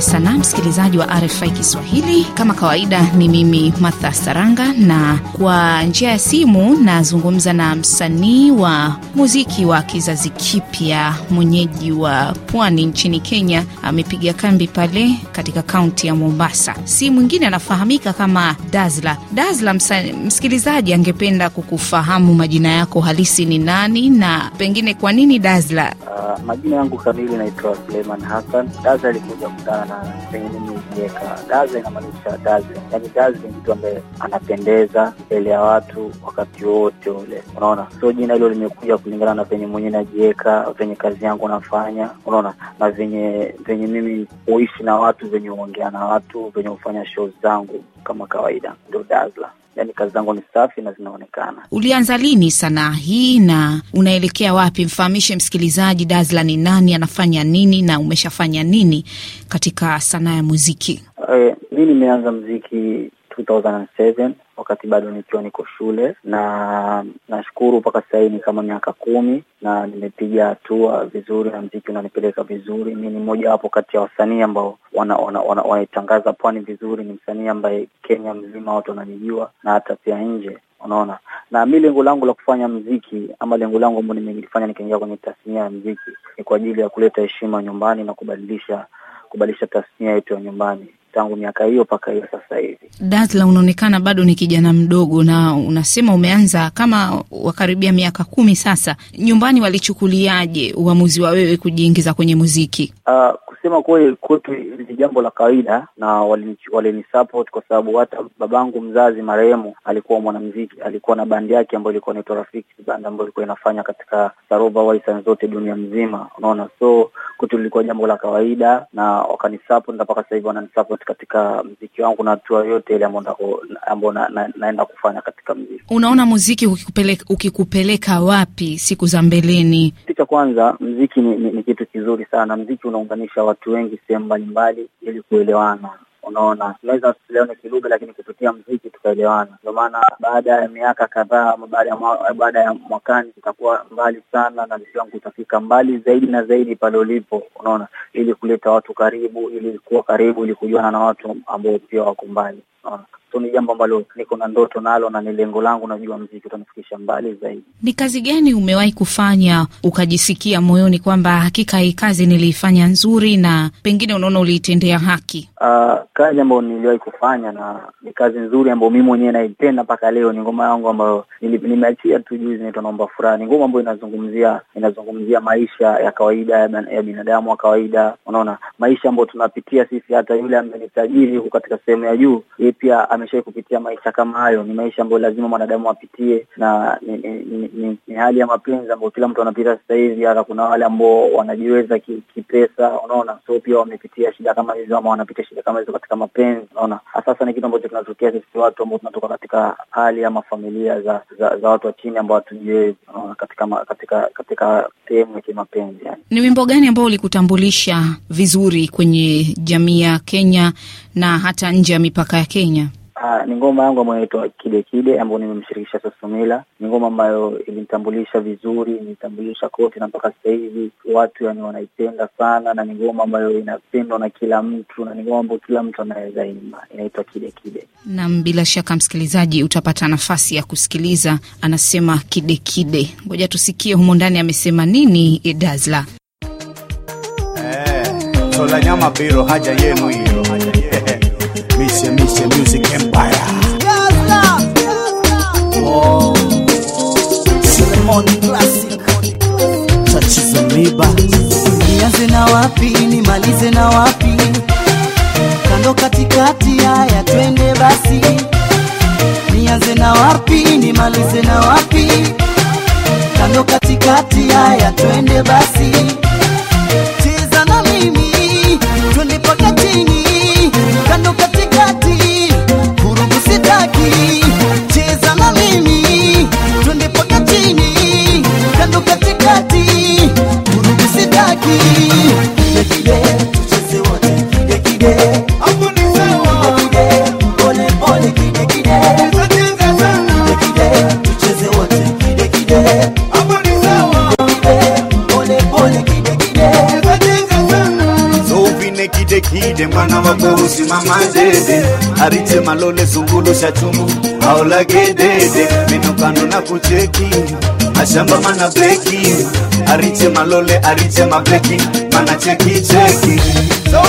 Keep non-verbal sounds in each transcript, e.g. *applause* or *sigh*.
ya Salaam, msikilizaji wa RFI Kiswahili. Kama kawaida, ni mimi matha Saranga, na kwa njia ya simu nazungumza na msanii wa muziki wa kizazi kipya, mwenyeji wa pwani nchini Kenya. Amepiga kambi pale katika kaunti ya Mombasa, si mwingine, anafahamika kama Dazla. Dazla, msikilizaji angependa kukufahamu majina yako halisi ni nani, na pengine kwa nini Dazla? Uh, majina yangu kamili naitwa Suleiman hasan Dazla alikuja kutana sana, pengine niweka gaze inamaanisha gaze yani gaze ni yaani mtu ambaye anapendeza mbele ya watu wakati wote ule, unaona. So jina hilo limekuja kulingana na venye mwenyewe najiweka, venye kazi yangu nafanya, unaona, na venye venye mimi huishi na watu, venye huongea na watu, venye hufanya show zangu kama kawaida, ndio Dazla yani kazi zangu ni safi na zinaonekana. Ulianza lini sanaa hii na unaelekea wapi? Mfahamishe msikilizaji Dazla ni nani, anafanya nini na umeshafanya nini katika sanaa ya muziki? Eh, mi nimeanza mziki 2007 wakati bado nikiwa niko shule, na nashukuru mpaka sasa hivi ni kama miaka kumi na nimepiga hatua vizuri, na mziki unanipeleka vizuri. Mi ni mmoja wapo kati ya wasanii ambao wanaitangaza wana, wana, wana pwani vizuri. Ni msanii ambaye Kenya mzima watu wananijua na hata pia nje Unaona, na mi lengo langu la kufanya mziki ama lengo langu ambao nimelifanya nikaingia kwenye tasnia ya mziki ni kwa ajili ya kuleta heshima nyumbani na kubadilisha kubadilisha tasnia yetu ya nyumbani tangu miaka hiyo mpaka hiyo sasa hivi. Dazla, unaonekana bado ni kijana mdogo, na unasema umeanza kama wakaribia miaka kumi sasa. Nyumbani walichukuliaje uamuzi wa wewe kujiingiza kwenye muziki? Uh, kusema kweli kwetu ni jambo la kawaida, na walinisupport kwa sababu hata babangu mzazi marehemu alikuwa mwanamuziki, alikuwa na bandi yake ambayo ilikuwa inaitwa Rafiki Band, ambayo ilikuwa inafanya katika saroba Waisan zote dunia mzima, unaona. So kwetu lilikuwa jambo la kawaida na wakanisupport, na mpaka sasa hivi wananisupport katika mziki wangu na hatua yote ile ambayo na, na, naenda kufanya katika mziki. Unaona muziki ukikupeleka, ukikupeleka wapi siku za mbeleni? Kitu cha kwanza mziki ni, ni, ni kitu kizuri sana, mziki unaunganisha watu wengi sehemu mbalimbali ili kuelewana. Unaona, tunaweza tusielewane kilugha, lakini kupitia mziki tukaelewana. Ndio maana baada ya miaka kadhaa ama baada ya baada ya mwakani tutakuwa mbali sana, na misi wangu utafika mbali zaidi na zaidi pale ulipo, unaona, ili kuleta watu karibu, ili kuwa karibu, ili kujuana na watu ambao pia wako mbali, unaona so ni jambo ambalo niko na ndoto nalo na ni lengo langu, najua mziki utanifikisha mbali zaidi. Ni kazi gani umewahi kufanya ukajisikia moyoni kwamba hakika hii kazi niliifanya nzuri na pengine unaona uliitendea haki? Uh, kazi ambayo niliwahi kufanya na ni kazi nzuri ambayo mimi mwenyewe naipenda mpaka leo ni ngoma yangu ambayo nimeachia tu juzi, inaitwa naomba furaha. Ni ngoma ambayo inazungumzia inazungumzia maisha ya kawaida ya binadamu wa kawaida, unaona maisha ambayo tunapitia sisi, hata yule ambaye ni tajiri huko katika sehemu ya juu, yeye pia ameshawai kupitia maisha kama hayo. Ni maisha ambayo lazima mwanadamu apitie, na ni, ni, ni, ni, ni hali ya mapenzi ambayo kila mtu anapita sasa hivi. Hata kuna wale ambao wanajiweza kipesa ki, unaona, so pia wamepitia shida kama hizo, ama wanapitia shida kama hizo katika mapenzi, unaona. Sasa ni kitu ambacho kinatokea sisi watu ambao tunatoka katika hali ama familia za za, za watu wa chini ambao hatujiwezi, unaona, katika katika katika sehemu ya kimapenzi yani. Ni wimbo gani ambao ulikutambulisha vizuri kwenye jamii ya Kenya na hata nje ya mipaka ya Kenya? Ah, ni ngoma yangu ambayo inaitwa Kide Kide ambayo nimemshirikisha sasumila Mila. Ni ngoma ambayo ilinitambulisha vizuri, ilinitambulisha kote na mpaka sasa hivi watu yani wanaipenda sana, na ni ngoma ambayo inapendwa na kila mtu, na ni ngoma ambayo kila mtu anaweza ima Inaitwa Kide Kide. nam bila shaka msikilizaji utapata nafasi ya kusikiliza. Anasema Kide Kide, ngoja tusikie humo ndani amesema nini. Edazla eh, nyama biro haja yenu hiyo haja *laughs* nianze na wapi nimalize na wapi? Kando katikati, haya twende basi. Nianze na wapi nimalize na wapi? Kando katikati, haya twende basi. You. mama dede ariche malole zungulu shachumu aolage dede minokano na kucheki mashamba mana bleki ariche malole ariche mableki mana cheki cheki so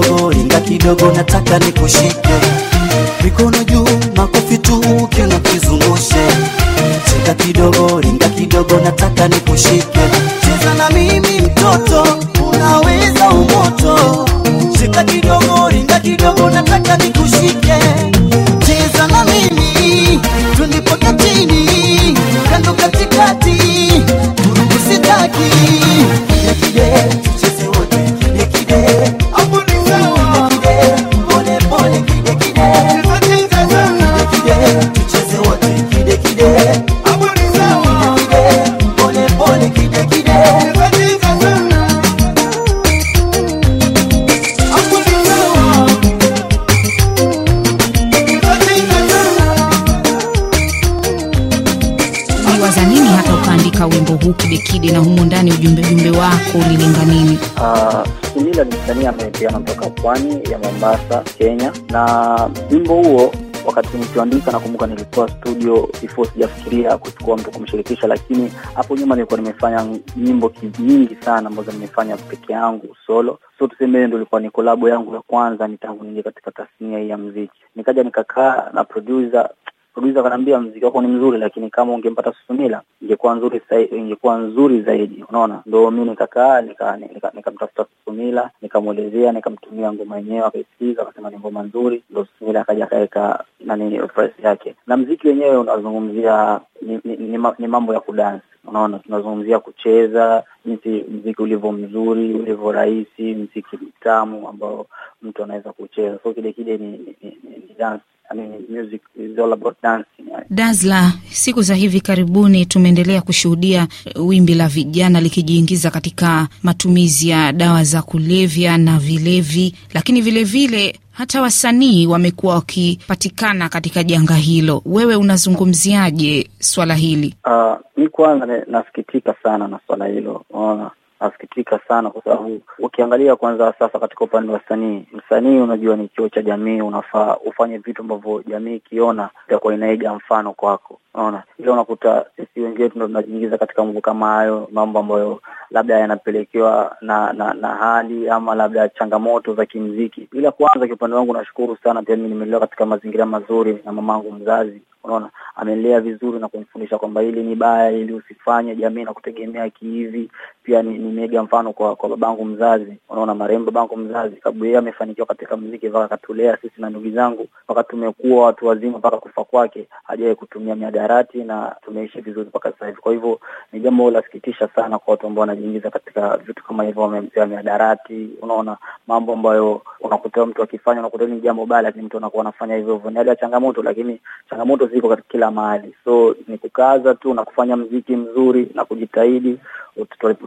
kidogo, inga kidogo, nataka nikushike mikono juu, makofi tu, kiuno kizungushe. Cheka kidogo, inga kidogo, nataka nikushike. Cheza na mimi mtoto, unaweza umoto. Cheka kidogo, inga kidogo, nataka nikushike Kidi, na humo ndani ujumbe jumbe wako ulilenga nini? Uh, Sumila ni msanii amepeana kutoka pwani ya Mombasa, Kenya, na wimbo huo wakati nikiandika nakumbuka nilikuwa studio before sijafikiria kuchukua mtu kumshirikisha, lakini hapo nyuma nilikuwa nimefanya nyimbo nyingi sana ambazo nimefanya peke yangu solo, so tuseme ndio ilikuwa ni kolabo yangu ya kwanza ni tangu ningia katika tasnia hii ya mziki. Nikaja nikakaa na producer producer akanambia mziki wako ni mzuri, lakini kama ungempata Susumila ingekuwa nzuri zaidi, ingekuwa nzuri zaidi. Unaona, ndo mi nikakaa nikamtafuta nika, nika Susumila nikamwelezea, nikamtumia ngoma yenyewe, akaisikiza, akasema ni ngoma nzuri, ndo Susumila akaja akaweka nani price yake, na mziki wenyewe unazungumzia ni, ni, ni, ni mambo ya kudansi Unaona, tunazungumzia kucheza, jinsi mziki ulivyo mzuri, ulivyo rahisi, mziki mtamu ambao mtu anaweza kucheza. So kide kide ni, ni, ni, ni dance I mean, music is all about dancing, right? Dazla, siku za hivi karibuni tumeendelea kushuhudia eh, wimbi la vijana likijiingiza katika matumizi ya dawa za kulevya na vilevi, lakini vilevile vile, hata wasanii wamekuwa wakipatikana katika janga hilo. Wewe unazungumziaje swala hili? Uh, mi kwanza nasikitika sana na swala hilo, unaona nasikitika sana kwa sababu ukiangalia kwanza sasa katika upande wa sanii, msanii unajua ni kio cha jamii, unafaa ufanye vitu ambavyo jamii ikiona itakuwa inaiga mfano kwako, unaona. Ila unakuta sisi wenyewe ndo tunajiingiza katika mambo kama hayo, mambo ambayo labda yanapelekewa na, na na hali ama labda changamoto za kimziki. Ila kwanza kiupande wangu nashukuru sana, pia mimi katika mazingira mazuri na mamangu mzazi unaona, amelea vizuri na kumfundisha kwamba hili ni baya, ili usifanye, jamii na kutegemea kihivi. Pia ni, ni mega mfano kwa kwa babangu mzazi, unaona, marehemu babangu mzazi, sababu yeye amefanikiwa katika muziki mpaka akatulea sisi na ndugu zangu mpaka tumekuwa watu wazima, mpaka kufa kwake hajawahi kutumia miadarati na tumeishi vizuri mpaka sasa hivi. Kwa hivyo ni jambo lasikitisha sana kwa watu ambao wanajiingiza katika vitu kama hivyo vya miadarati, unaona, mambo ambayo unakuta mtu akifanya, unakuta ni jambo baya, lakini mtu anakuwa anafanya hivyo hivyo. Ni hali ya changamoto, lakini changamoto ziko katika kila mahali, so ni kukaza tu na kufanya mziki mzuri na kujitahidi,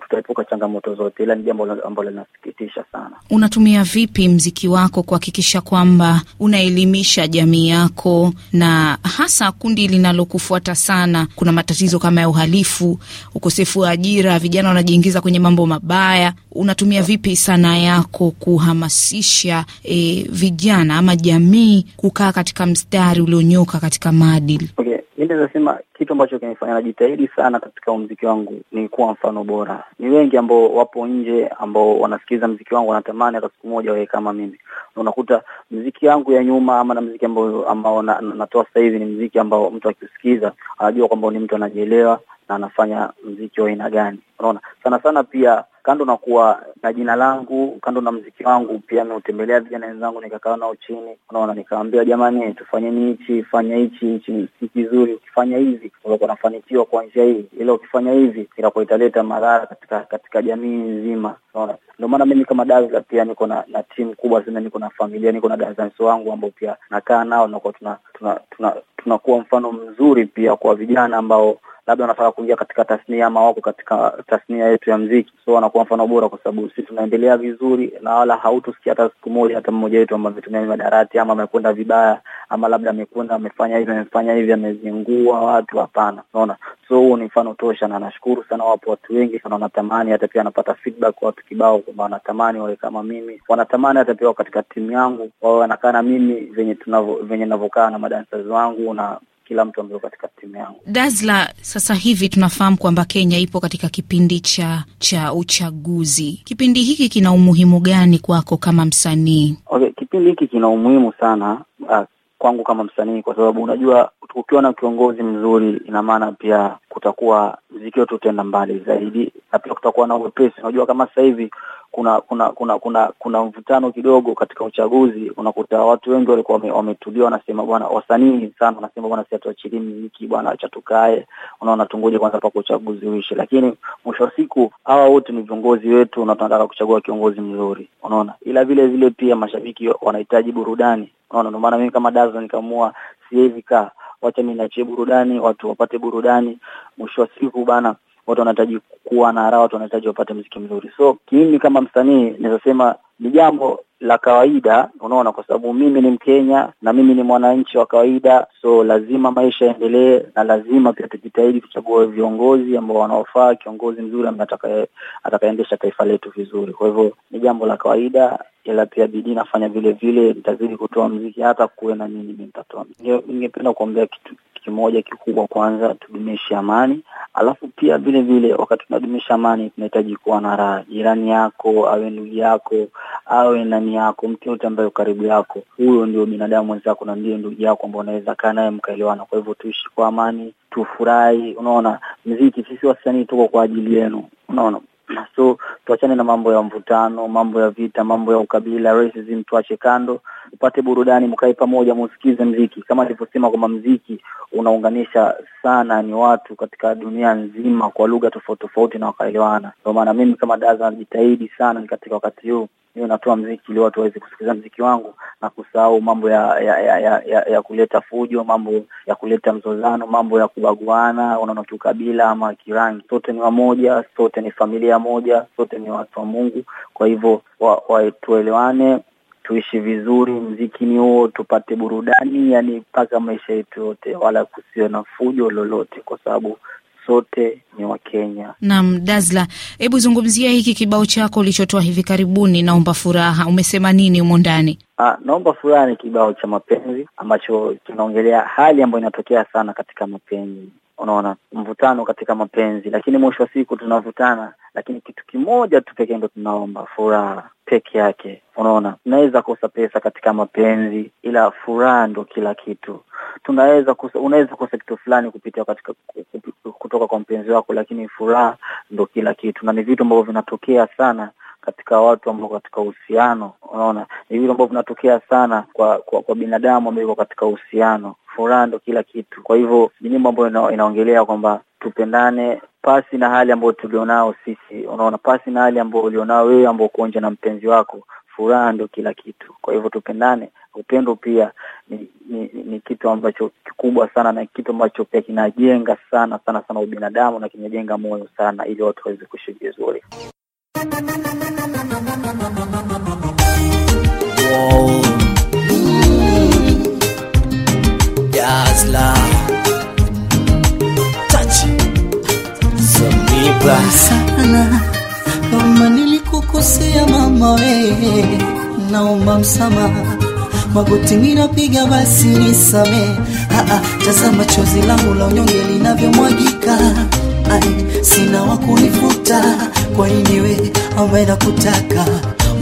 tutaepuka changamoto zote, ila ni jambo ambalo linasikitisha sana. Unatumia vipi mziki wako kuhakikisha kwamba unaelimisha jamii yako na hasa kundi linalokufuata sana? Kuna matatizo kama ya uhalifu, ukosefu wa ajira, vijana wanajiingiza kwenye mambo mabaya. Unatumia vipi sanaa yako kuhamasisha e, vijana ama jamii kukaa katika mstari ulionyoka katika mali maadili? Okay, mi nasema kitu ambacho kinifanya najitahidi sana katika mziki wangu ni kuwa mfano bora. Ni wengi ambao wapo nje ambao wanasikiliza mziki wangu wanatamani hata siku moja wawe kama mimi, unakuta mziki yangu ya nyuma ama na mziki ambao ambao na, natoa sasa hivi ni mziki ambao mtu akiusikiza anajua kwamba ni mtu anajielewa na anafanya mziki wa aina gani. Unaona, sana sana pia kando na kuwa na jina langu, kando na mziki wangu, pia nimeutembelea vijana wenzangu, nikakaa nao chini, unaona, nikaambia jamani, tufanyeni hichi, fanya hichi, hichi si kizuri, ukifanya hivi utakuwa unafanikiwa kwa njia hii, ila ukifanya hivi itakuwa italeta madhara katika katika jamii nzima, unaona. Ndio maana mimi kama Dazla pia niko na na timu kubwa sana, niko na familia, niko na dancers wangu ambao pia nakaa nao, nakuwa tuna tuna tuna tunakuwa mfano mzuri pia kwa vijana ambao labda wanataka kuingia katika tasnia ama wako katika tasnia yetu ya mziki, so wanakuwa mfano bora, kwa sababu sisi tunaendelea vizuri na wala hautusikia hata siku moja hata mmoja wetu ambaye ametumia madarati ama amekwenda vibaya ama labda amekwenda amefanya hivi amefanya hivi amezingua watu. Hapana, unaona. So huu ni mfano tosha, na nashukuru sana, wapo watu wengi sana wanatamani, hata pia wanapata feedback watu kibao kwamba wanatamani wawe kama mimi, wanatamani hata pia katika timu yangu wawe wanakaa na mimi venye venye navyokaa na madancers wangu na kila mtu ambao katika timu yangu. Dazla, sasa hivi tunafahamu kwamba Kenya ipo katika kipindi cha cha uchaguzi. Kipindi hiki kina umuhimu gani kwako kama msanii? Okay, kipindi hiki kina umuhimu sana. Uh, kwangu kama msanii, kwa sababu unajua ukiwa na kiongozi mzuri, ina maana pia kutakuwa mziki wetu utaenda mbali zaidi, na pia kutakuwa na wepesi. Unajua kama sasa hivi kuna kuna kuna kuna kuna mvutano kidogo katika uchaguzi, unakuta watu wengi walikuwa wametulia, wanasema bwana, wasanii sana wanasema bwana, si atuachilini hiki bwana, acha tukae, unaona, tunguje kwanza mpaka uchaguzi uishe. Lakini mwisho wa siku hawa wote ni viongozi wetu na tunataka kuchagua kiongozi mzuri, unaona. Ila vile vile pia mashabiki wanahitaji burudani, unaona. Ndio maana mimi kama Dazo nikaamua siwezi kaa, wacha mimi niachie burudani, watu wapate burudani. Mwisho wa siku bana watu wanahitaji kuwa na raha, watu wanahitaji wapate mziki mzuri. So kimi kama msanii naweza sema ni jambo la kawaida, unaona, kwa sababu mimi ni Mkenya na mimi ni mwananchi wa kawaida, so lazima maisha yaendelee, na lazima pia tujitahidi tuchague viongozi ambao wanaofaa, kiongozi mzuri ambaye atakayeendesha taifa letu vizuri. Kwa hivyo ni jambo la kawaida, ila pia bidii nafanya vile vile, nitazidi kutoa mziki hata kuwe na nini, mi nitatoa. Ningependa kuombea kitu kimoja kikubwa, kwanza tudumishe amani, alafu pia vile vile wakati tunadumisha amani tunahitaji kuwa na raha. Jirani yako awe ndugu yako awe nani yako, mtu yote ambaye karibu yako, huyo ndio binadamu wenzako na ndio ndugu yako ambao unaweza kaa naye mkaelewana. Kwa hivyo tuishi kwa amani, tufurahi. Unaona, mziki, sisi wasanii tuko kwa ajili yenu, unaona so tuachane na mambo ya mvutano, mambo ya vita, mambo ya ukabila, racism, tuache kando, upate burudani, mkae pamoja, musikize mziki. Kama alivyosema kwamba mziki unaunganisha sana ni watu katika dunia nzima kwa lugha tofauti tofauti na wakaelewana. Ndio maana mimi kama Daza najitahidi sana katika wakati huu niwe natoa mziki ili watu waweze kusikiliza mziki wangu na kusahau mambo ya ya, ya, ya, ya ya kuleta fujo, mambo ya kuleta mzozano, mambo ya kubaguana, unaona, kiukabila ama kirangi. Sote ni wamoja, sote ni familia moja, sote ni watu wa Mungu. Kwa hivyo wa, wa, tuelewane tuishi vizuri, mziki ni huo, tupate burudani, yani mpaka maisha yetu yote, wala kusiwe na fujo lolote, kwa sababu sote ni Wakenya. Naam, Dazla, hebu zungumzia hiki kibao chako ulichotoa hivi karibuni, naomba furaha. Umesema nini humo ndani? Ah, naomba furaha ni kibao cha mapenzi ambacho kinaongelea hali ambayo inatokea sana katika mapenzi unaona mvutano katika mapenzi, lakini mwisho wa siku tunavutana, lakini kitu kimoja tu pekee ndo tunaomba, furaha peke yake. Unaona, tunaweza kosa pesa katika mapenzi, ila furaha ndo kila kitu. Tunaweza kosa, unaweza kosa kitu fulani kupitia katika kutoka kwa mpenzi wako, lakini furaha ndo kila kitu, na ni vitu ambavyo vinatokea sana katika watu ambao katika uhusiano. Unaona, ni vitu ambavyo vinatokea sana kwa kwa, kwa binadamu ambao katika uhusiano furaha ndo kila kitu. Kwa hivyo ni nyimbo ambayo ina, inaongelea kwamba tupendane pasi na hali ambayo tulionao sisi, unaona, pasi na hali ambayo ulionao wewe ambao uko nje na mpenzi wako, furaha ndo kila kitu. Kwa hivyo tupendane. Upendo pia ni, ni, ni kitu ambacho kikubwa sana na kitu ambacho pia kinajenga sana sana sana ubinadamu na kinajenga moyo sana, ili watu waweze kuishi vizuri. Wow. dazzler. Touch Zoniba sana kama nilikukosea mama we naomba msamaha, magoti piga basi nisame ah, ah, Tazama chozi langu la unyonge linavyomwagika, sina wakunifuta Kwa nini we ambaye nakutaka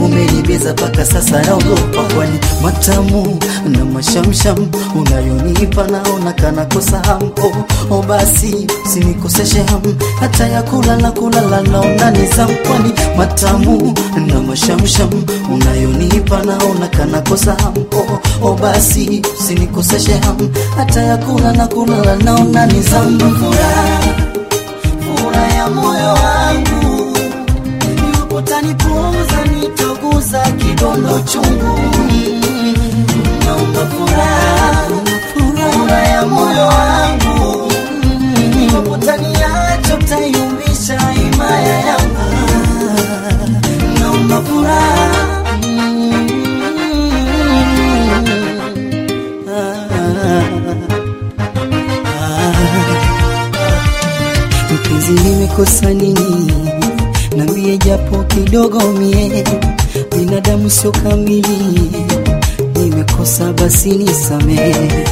umenibiza paka sasa naogopa, kwani matamu na mashamsham unayonipa naona kana kosa hampo. O oh, basi sinikoseshe hamu hata ya kulala, kulala naona ni zamu, kwani matamu na mashamsham unayonipa naona kana kosa hampo. O oh, basi sinikoseshe hamu hata ya kulala, kulala naona ni zamu. Furaha furaha ya moyo wangu utanipa sasa kidondo chungu naumba furaha ya moyo wangu nikokutaniacho tayumbisha himaya yangu naumba furaha ah, ah, ah. mpenzi nimekosa nini na mie japo kidogo mie binadamu sio kamili, nimekosa basi nisamehe.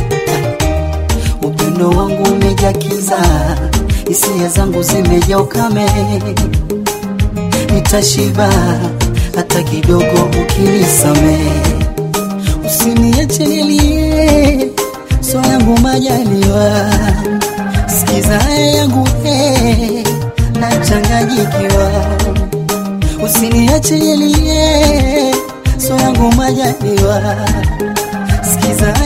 Upendo wangu umejakiza hisia zangu zimeja ukame, nitashiba hata kidogo ukinisamehe. Usiniache nilie, so yangu majaliwa, skiza yangu hey. Eh nachanganyikiwa, usiniache nilie, so yangu majaliwa, skiza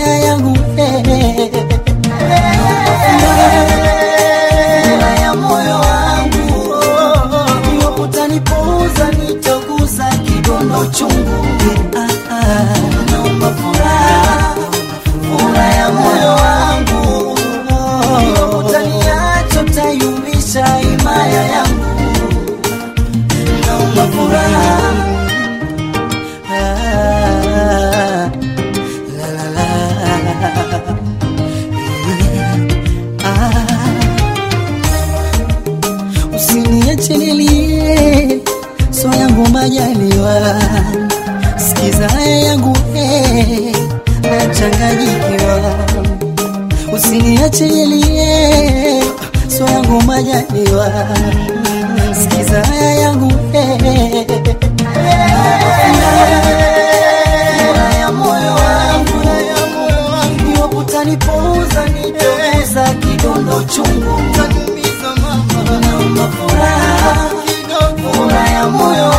nimejaliwa, sikiza yangu eh, nachanganyikiwa, usiniache nilie, swa yangu majaliwa, sikiza yangu eh, utanipoza nitoza chungu, furaha furaha ya moyo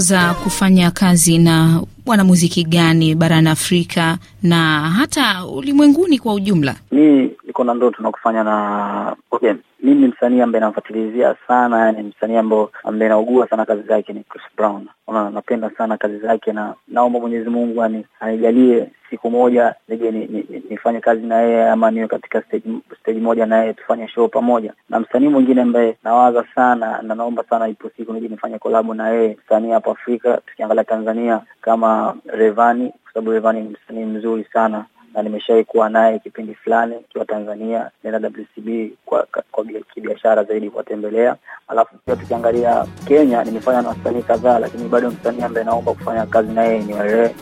za kufanya kazi na wanamuziki gani barani Afrika na hata ulimwenguni kwa ujumla? Mi na Ndoto na kufanya na Ogen. Mimi msanii ambaye namfatilizia sana, yani msanii ambaye naugua sana kazi zake ni Chris Brown. Ona, napenda sana kazi zake na naomba Mwenyezi Mungu anijalie siku moja nije ni, ni, ni, nifanye kazi na yeye ama niwe katika stage, stage moja na yeye tufanye show pamoja. Na msanii mwingine ambaye nawaza sana na naomba sana ipo siku nije nifanye kolabo na yeye, msanii hapa Afrika tukiangalia Tanzania kama Revani, kwa sababu Revani ni msanii mzuri sana na nimeshawahi kuwa naye kipindi fulani ikiwa Tanzania, nenda WCB kwa, kwa kibiashara zaidi kuwatembelea. Alafu pia tukiangalia Kenya, nimefanya na wasanii kadhaa, lakini bado msanii ambaye naomba kufanya kazi naye ni Wale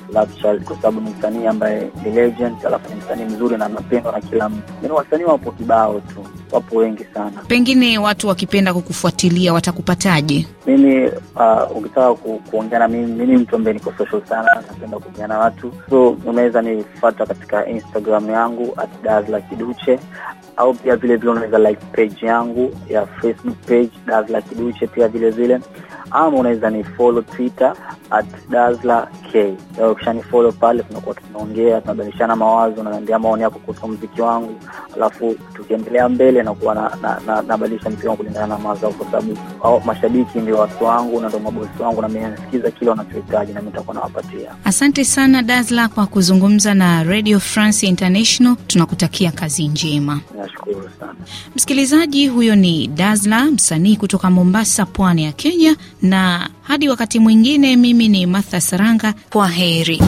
Child, kwa sababu ni msanii ambaye ni legend, alafu ni msanii mzuri na mapendwa na kila mtu. Yaani wasanii wapo kibao tu wapo wengi sana. Pengine watu wakipenda kukufuatilia watakupataje? Mimi uh, ukitaka ku, kuongea na mimi, mimi mtu ambaye niko social sana, napenda kuongea na watu, so unaweza nifata katika Instagram yangu at Dazla Kiduche au pia vile vile unaweza like page yangu ya Facebook page Dazla Kiduche, pia vile vile ama unaweza ni follow Twitter at Dazla K. kishani follow pale, tunakuwa tunaongea tunabadilishana mawazo, naambia maoni yako kuhusu mziki wangu, alafu tukiendelea mbele nakuwa nabadilisha na, na, na mziki wangu kulingana na mawazo yao, kwa sababu mashabiki ndio watu wangu na ndio mabosi wangu, na mimi nasikiza kile wanachohitaji na mimi nitakuwa nawapatia. Asante sana Dazla kwa kuzungumza na Radio France International, tunakutakia kazi njema. Nashukuru sana msikilizaji. Huyo ni Dazla, msanii kutoka Mombasa, pwani ya Kenya. Na hadi wakati mwingine, mimi ni Martha Saranga, kwa heri.